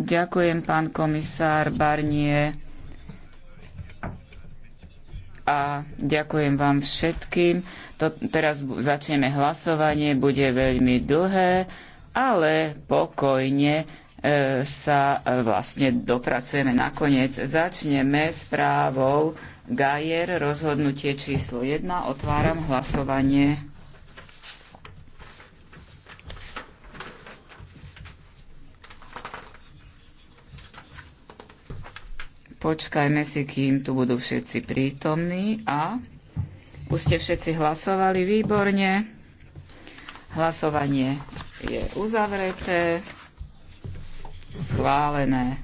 Ďakujem, pán komisár Barnie. A ďakujem vám všetkým. To, teraz začneme hlasovanie, bude veľmi dlhé, ale pokojne e, sa e, vlastne dopracujeme nakoniec. Začneme správou Gajer, rozhodnutie číslo 1. Otváram hlasovanie. Počkajme si, kým tu budú všetci prítomní. A už ste všetci hlasovali výborne. Hlasovanie je uzavreté, schválené.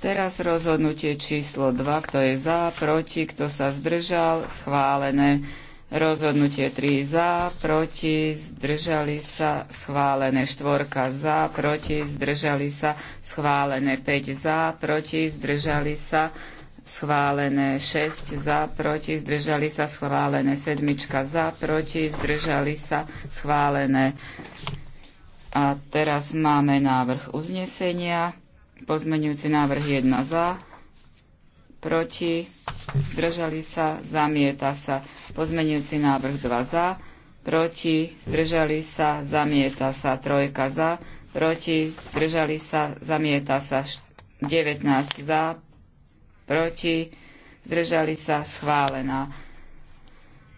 Teraz rozhodnutie číslo 2, kto je za, proti, kto sa zdržal, schválené. Rozhodnutie 3 za, proti, zdržali sa, schválené 4 za, proti, zdržali sa, schválené 5 za, proti, zdržali sa, schválené 6 za, proti, zdržali sa, schválené 7 za, proti, zdržali sa, schválené. A teraz máme návrh uznesenia. Pozmeňujúci návrh 1 za, proti, zdržali sa, zamieta sa. Pozmenujúci návrh 2 za, proti, zdržali sa, zamieta sa. Trojka za, proti, zdržali sa, zamieta sa. 19 za, proti, zdržali sa, schválená.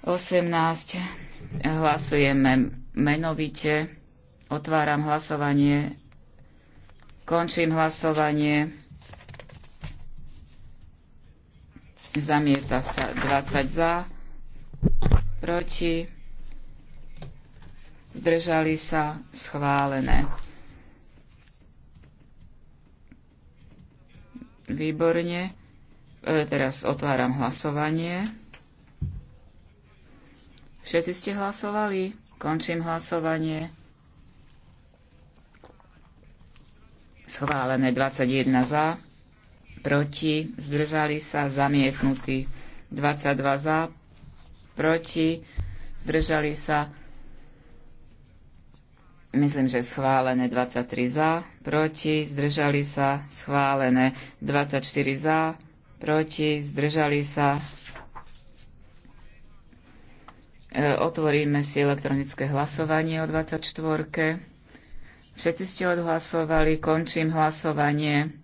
18. Hlasujeme menovite. Otváram hlasovanie. Končím hlasovanie. Zamieta sa 20 za, proti, zdržali sa schválené. Výborne. E, teraz otváram hlasovanie. Všetci ste hlasovali? Končím hlasovanie. Schválené 21 za, proti, zdržali sa zamietnutí. 22 za, proti, zdržali sa, myslím, že schválené 23 za, proti, zdržali sa, schválené 24 za, proti, zdržali sa. E, otvoríme si elektronické hlasovanie o 24. Všetci ste odhlasovali, končím hlasovanie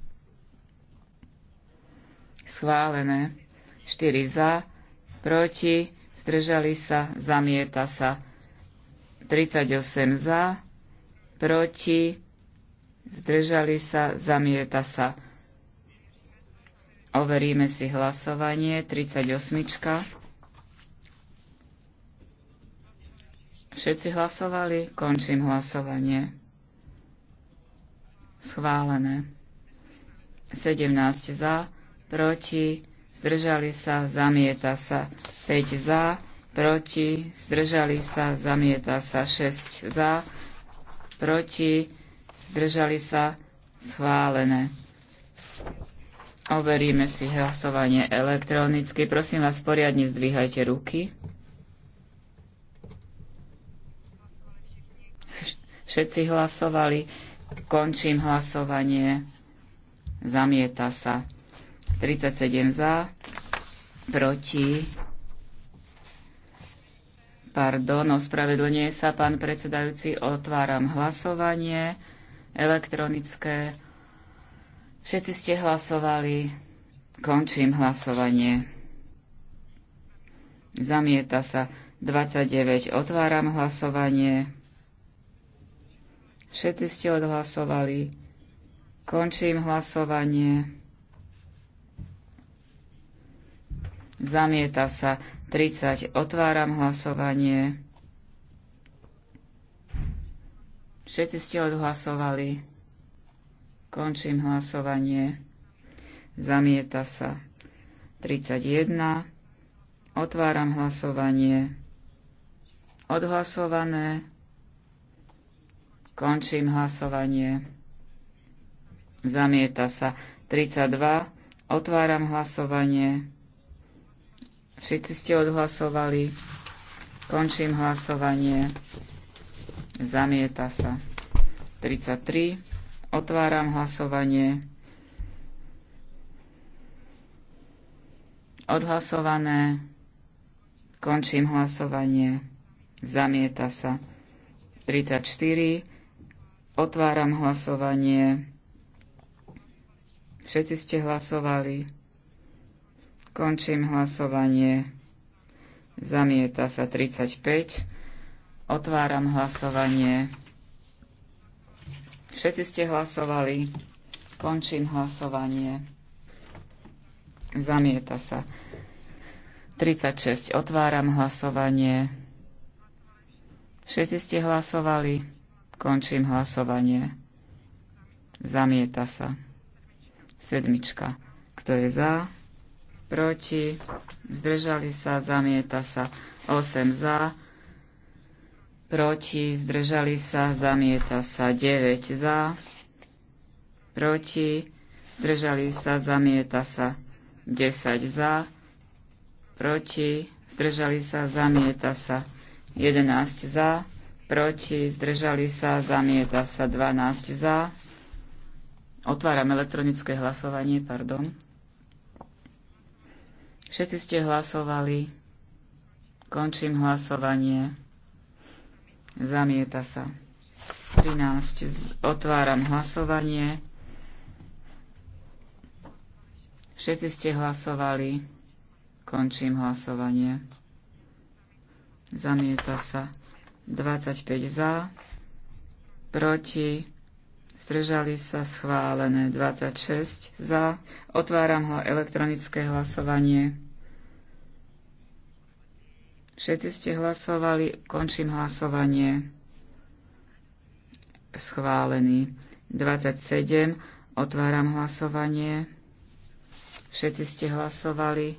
schválené. 4 za, proti, zdržali sa, zamieta sa. 38 za, proti, zdržali sa, zamieta sa. Overíme si hlasovanie. 38. Všetci hlasovali? Končím hlasovanie. Schválené. 17 za, proti, zdržali sa, zamieta sa. 5 za, proti, zdržali sa, zamieta sa. 6 za, proti, zdržali sa, schválené. Overíme si hlasovanie elektronicky. Prosím vás, poriadne zdvíhajte ruky. Všetci hlasovali. Končím hlasovanie. Zamieta sa. 37 za, proti. Pardon, ospravedlňuje sa pán predsedajúci. Otváram hlasovanie elektronické. Všetci ste hlasovali. Končím hlasovanie. Zamieta sa 29. Otváram hlasovanie. Všetci ste odhlasovali. Končím hlasovanie. Zamieta sa 30. Otváram hlasovanie. Všetci ste odhlasovali. Končím hlasovanie. Zamieta sa 31. Otváram hlasovanie. Odhlasované. Končím hlasovanie. Zamieta sa 32. Otváram hlasovanie. Všetci ste odhlasovali. Končím hlasovanie. Zamieta sa. 33. Otváram hlasovanie. Odhlasované. Končím hlasovanie. Zamieta sa. 34. Otváram hlasovanie. Všetci ste hlasovali. Končím hlasovanie. Zamieta sa 35. Otváram hlasovanie. Všetci ste hlasovali. Končím hlasovanie. Zamieta sa. 36. Otváram hlasovanie. Všetci ste hlasovali. Končím hlasovanie. Zamieta sa. Sedmička. Kto je za? proti, zdržali sa, zamieta sa 8 za, proti, zdržali sa, zamieta sa 9 za, proti, zdržali sa, zamieta sa 10 za, proti, zdržali sa, zamieta sa 11 za, proti, zdržali sa, zamieta sa 12 za. Otváram elektronické hlasovanie, pardon. Všetci ste hlasovali. Končím hlasovanie. Zamieta sa. 13. Otváram hlasovanie. Všetci ste hlasovali. Končím hlasovanie. Zamieta sa. 25 za. Proti Zdržali sa schválené 26 za. Otváram ho elektronické hlasovanie. Všetci ste hlasovali. Končím hlasovanie. Schválený 27. Otváram hlasovanie. Všetci ste hlasovali.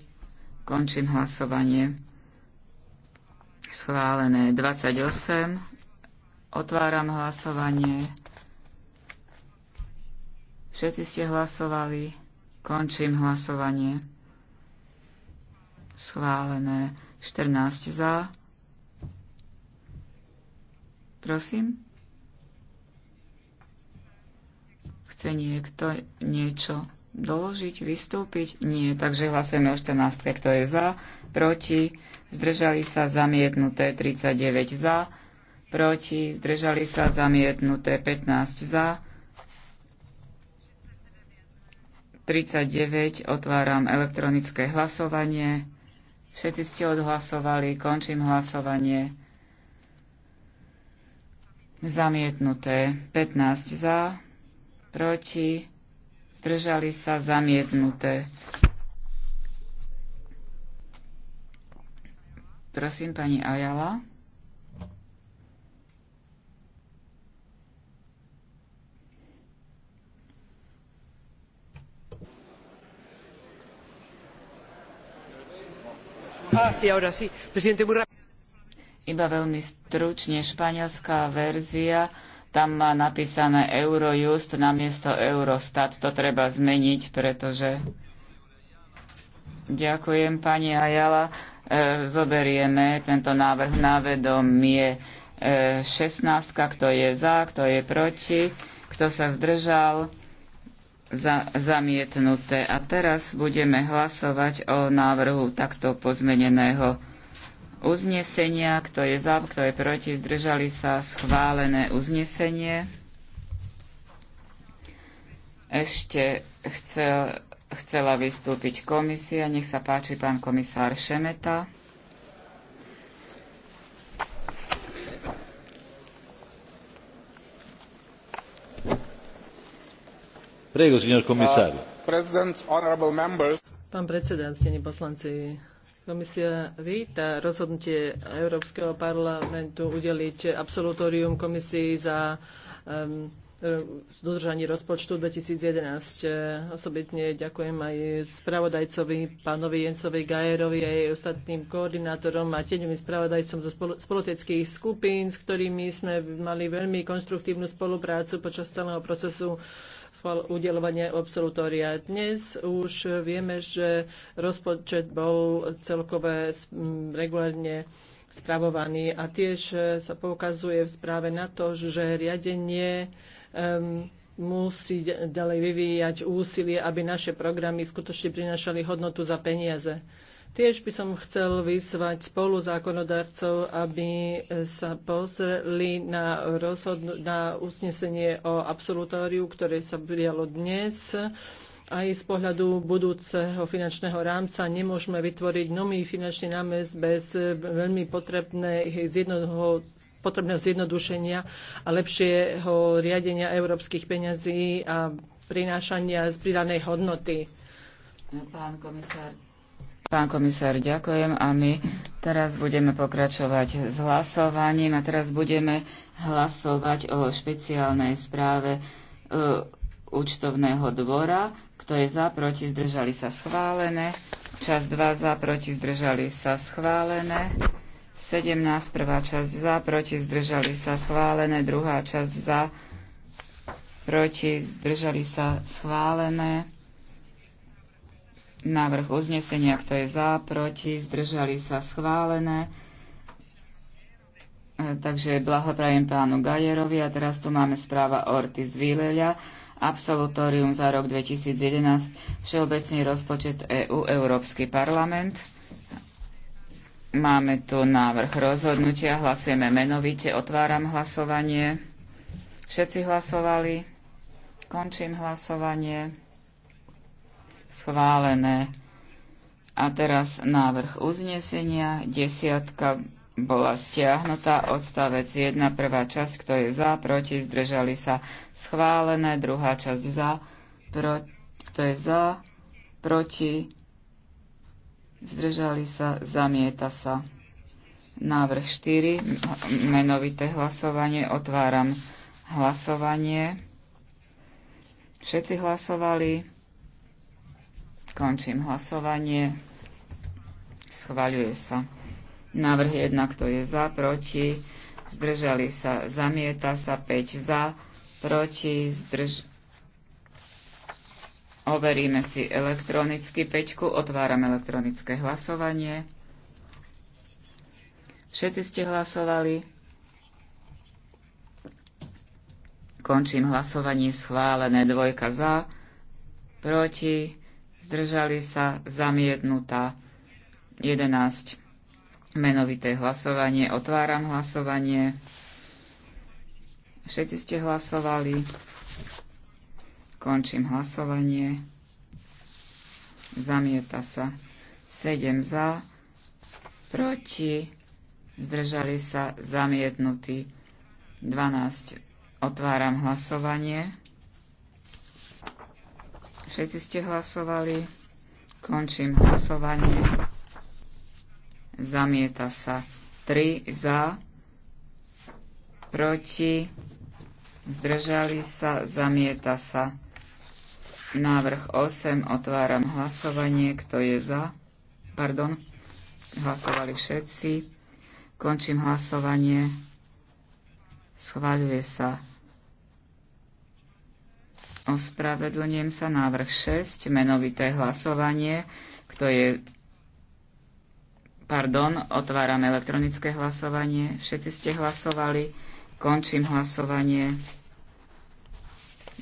Končím hlasovanie. Schválené 28. Otváram hlasovanie. Všetci ste hlasovali. Končím hlasovanie. Schválené. 14 za. Prosím. Chce niekto niečo doložiť, vystúpiť? Nie, takže hlasujeme o 14. Kto je za, proti, zdržali sa zamietnuté 39 za, proti, zdržali sa zamietnuté 15 za, 39. Otváram elektronické hlasovanie. Všetci ste odhlasovali. Končím hlasovanie. Zamietnuté. 15 za, proti, zdržali sa zamietnuté. Prosím, pani Ajala. Ah, Iba veľmi stručne španielská verzia, tam má napísané Eurojust namiesto Eurostat. To treba zmeniť, pretože... Ďakujem, pani Ajala. E, zoberieme tento návrh na vedomie. 16, e, kto je za, kto je proti, kto sa zdržal za, zamietnuté. A teraz budeme hlasovať o návrhu takto pozmeneného uznesenia. Kto je za, kto je proti, zdržali sa schválené uznesenie. Ešte chcel, chcela vystúpiť komisia. Nech sa páči pán komisár Šemeta. Uh, Pán predseda, ctení poslanci, Komisia víta rozhodnutie Európskeho parlamentu udeliť absolutórium komisii za um, e, dodržanie rozpočtu 2011. E, osobitne ďakujem aj spravodajcovi, pánovi Jensovi Gajerovi a jej ostatným koordinátorom a tieňovým spravodajcom zo spol spoloteckých skupín, s ktorými sme mali veľmi konstruktívnu spoluprácu počas celého procesu udelovania absolutória. Dnes už vieme, že rozpočet bol celkové regulárne spravovaný a tiež sa poukazuje v správe na to, že riadenie um, musí ďalej vyvíjať úsilie, aby naše programy skutočne prinášali hodnotu za peniaze. Tiež by som chcel vyzvať spolu zákonodarcov, aby sa pozreli na, rozhodnú, na usnesenie o absolutóriu, ktoré sa prijalo dnes. Aj z pohľadu budúceho finančného rámca nemôžeme vytvoriť nový finančný námest bez veľmi zjednoho potrebného zjednodušenia a lepšieho riadenia európskych peňazí a prinášania z pridanej hodnoty. Pán komisár Pán komisár, ďakujem a my teraz budeme pokračovať s hlasovaním a teraz budeme hlasovať o špeciálnej správe e, účtovného dvora. Kto je za, proti, zdržali sa schválené. Čas 2 za, proti, zdržali sa schválené. 17. prvá časť za, proti, zdržali sa schválené. Druhá časť za, proti, zdržali sa schválené. Návrh uznesenia, kto je za, proti, zdržali sa schválené. E, takže blahoprajem pánu Gajerovi a teraz tu máme správa Ortiz Vileľa, absolutórium za rok 2011, všeobecný rozpočet EU, Európsky parlament. Máme tu návrh rozhodnutia, hlasujeme menovite, otváram hlasovanie. Všetci hlasovali, končím hlasovanie schválené. A teraz návrh uznesenia. Desiatka bola stiahnutá. Odstavec 1, prvá časť, kto je za, proti, zdržali sa schválené. Druhá časť za, pro, kto je za, proti, zdržali sa, zamieta sa. Návrh 4, menovité hlasovanie. Otváram hlasovanie. Všetci hlasovali. Končím hlasovanie. Schvaľuje sa. Návrh 1, kto je za, proti, zdržali sa, zamieta sa, 5 za, proti, zdrž... Overíme si elektronicky pečku, otváram elektronické hlasovanie. Všetci ste hlasovali. Končím hlasovanie schválené dvojka za, proti, zdržali sa, zamietnutá. 11. Menovité hlasovanie. Otváram hlasovanie. Všetci ste hlasovali. Končím hlasovanie. Zamieta sa. 7 za, proti, zdržali sa, zamietnutí. 12. Otváram hlasovanie. Všetci ste hlasovali. Končím hlasovanie. Zamieta sa 3 za, proti, zdržali sa, zamieta sa. Návrh 8, otváram hlasovanie, kto je za, pardon, hlasovali všetci. Končím hlasovanie. Schváľuje sa Ospravedlňujem sa. Návrh 6. Menovité hlasovanie. Kto je... Pardon, otváram elektronické hlasovanie. Všetci ste hlasovali. Končím hlasovanie.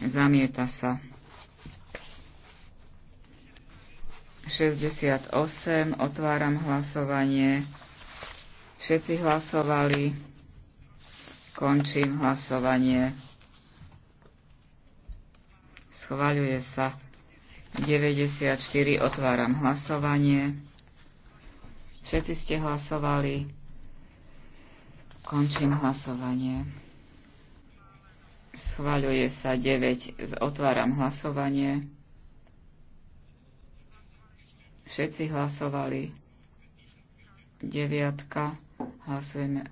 Zamieta sa. 68. Otváram hlasovanie. Všetci hlasovali. Končím hlasovanie. Schvaľuje sa. 94. Otváram hlasovanie. Všetci ste hlasovali. Končím hlasovanie. Schvaľuje sa 9. Otváram hlasovanie. Všetci hlasovali. 9 Hlasujeme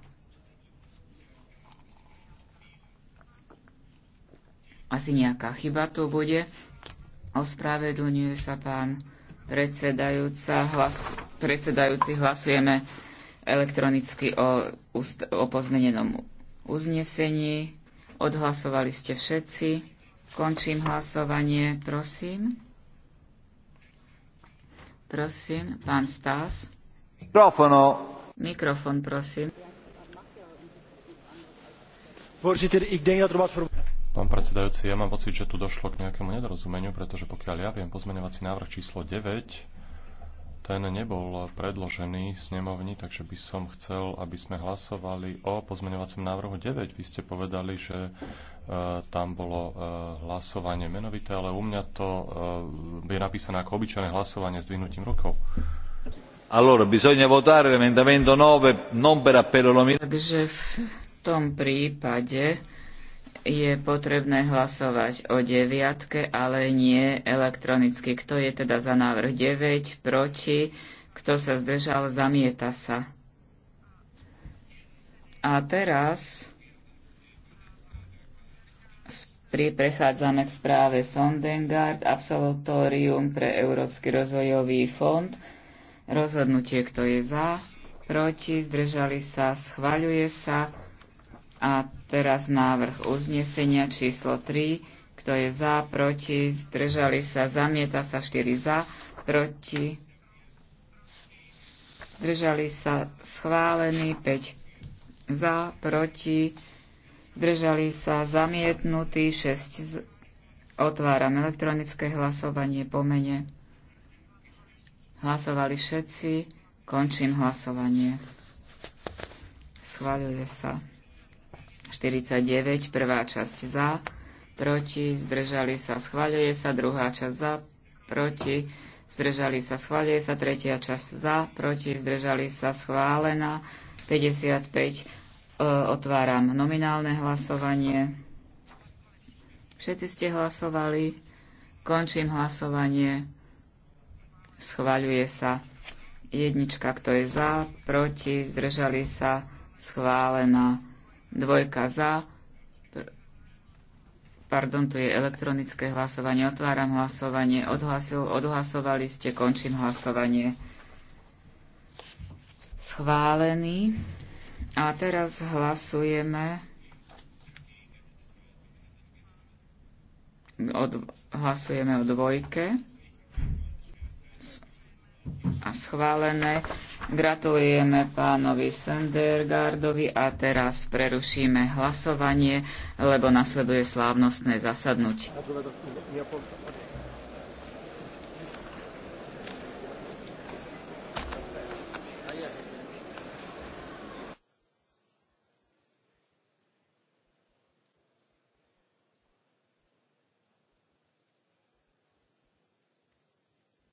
asi nejaká chyba to bude. Ospravedlňuje sa pán predsedajúca, hlas, predsedajúci, hlasujeme elektronicky o, o pozmenenom uznesení. Odhlasovali ste všetci. Končím hlasovanie, prosím. Prosím, pán Stás. Mikrofono. Mikrofon, prosím. Voorzitter, ik denk dat er wat voor... Pán predsedajúci, ja mám pocit, že tu došlo k nejakému nedorozumeniu, pretože pokiaľ ja viem, pozmeňovací návrh číslo 9, ten nebol predložený snemovni, takže by som chcel, aby sme hlasovali o pozmeňovacom návrhu 9. Vy ste povedali, že e, tam bolo e, hlasovanie menovité, ale u mňa to e, je napísané ako obyčajné hlasovanie s dvihnutím rukou. Allora, bisogna votare l'emendamento 9 non per appello nominale. Takže v tom prípade je potrebné hlasovať o deviatke, ale nie elektronicky. Kto je teda za návrh 9, proti, kto sa zdržal, zamieta sa. A teraz pri prechádzame k správe Sondengard, absolutórium pre Európsky rozvojový fond. Rozhodnutie, kto je za, proti, zdržali sa, schvaľuje sa. A teraz návrh uznesenia číslo 3. Kto je za, proti, zdržali sa, zamieta sa 4 za, proti, zdržali sa, schválený 5 za, proti, zdržali sa, zamietnutý 6. Z... Otváram elektronické hlasovanie po mene. Hlasovali všetci. Končím hlasovanie. Schváľuje sa. 49, prvá časť za, proti, zdržali sa, schváľuje sa, druhá časť za, proti, zdržali sa, schváľuje sa, tretia časť za, proti, zdržali sa, schválená, 55, e, otváram nominálne hlasovanie. Všetci ste hlasovali, končím hlasovanie, schváľuje sa. Jednička, kto je za, proti, zdržali sa, schválená. Dvojka za. Pardon, tu je elektronické hlasovanie. Otváram hlasovanie. Odhlasil, odhlasovali ste. Končím hlasovanie. Schválený. A teraz hlasujeme od, hlasujeme o dvojke a schválené. Gratulujeme pánovi Sendergardovi a teraz prerušíme hlasovanie, lebo nasleduje slávnostné zasadnutie.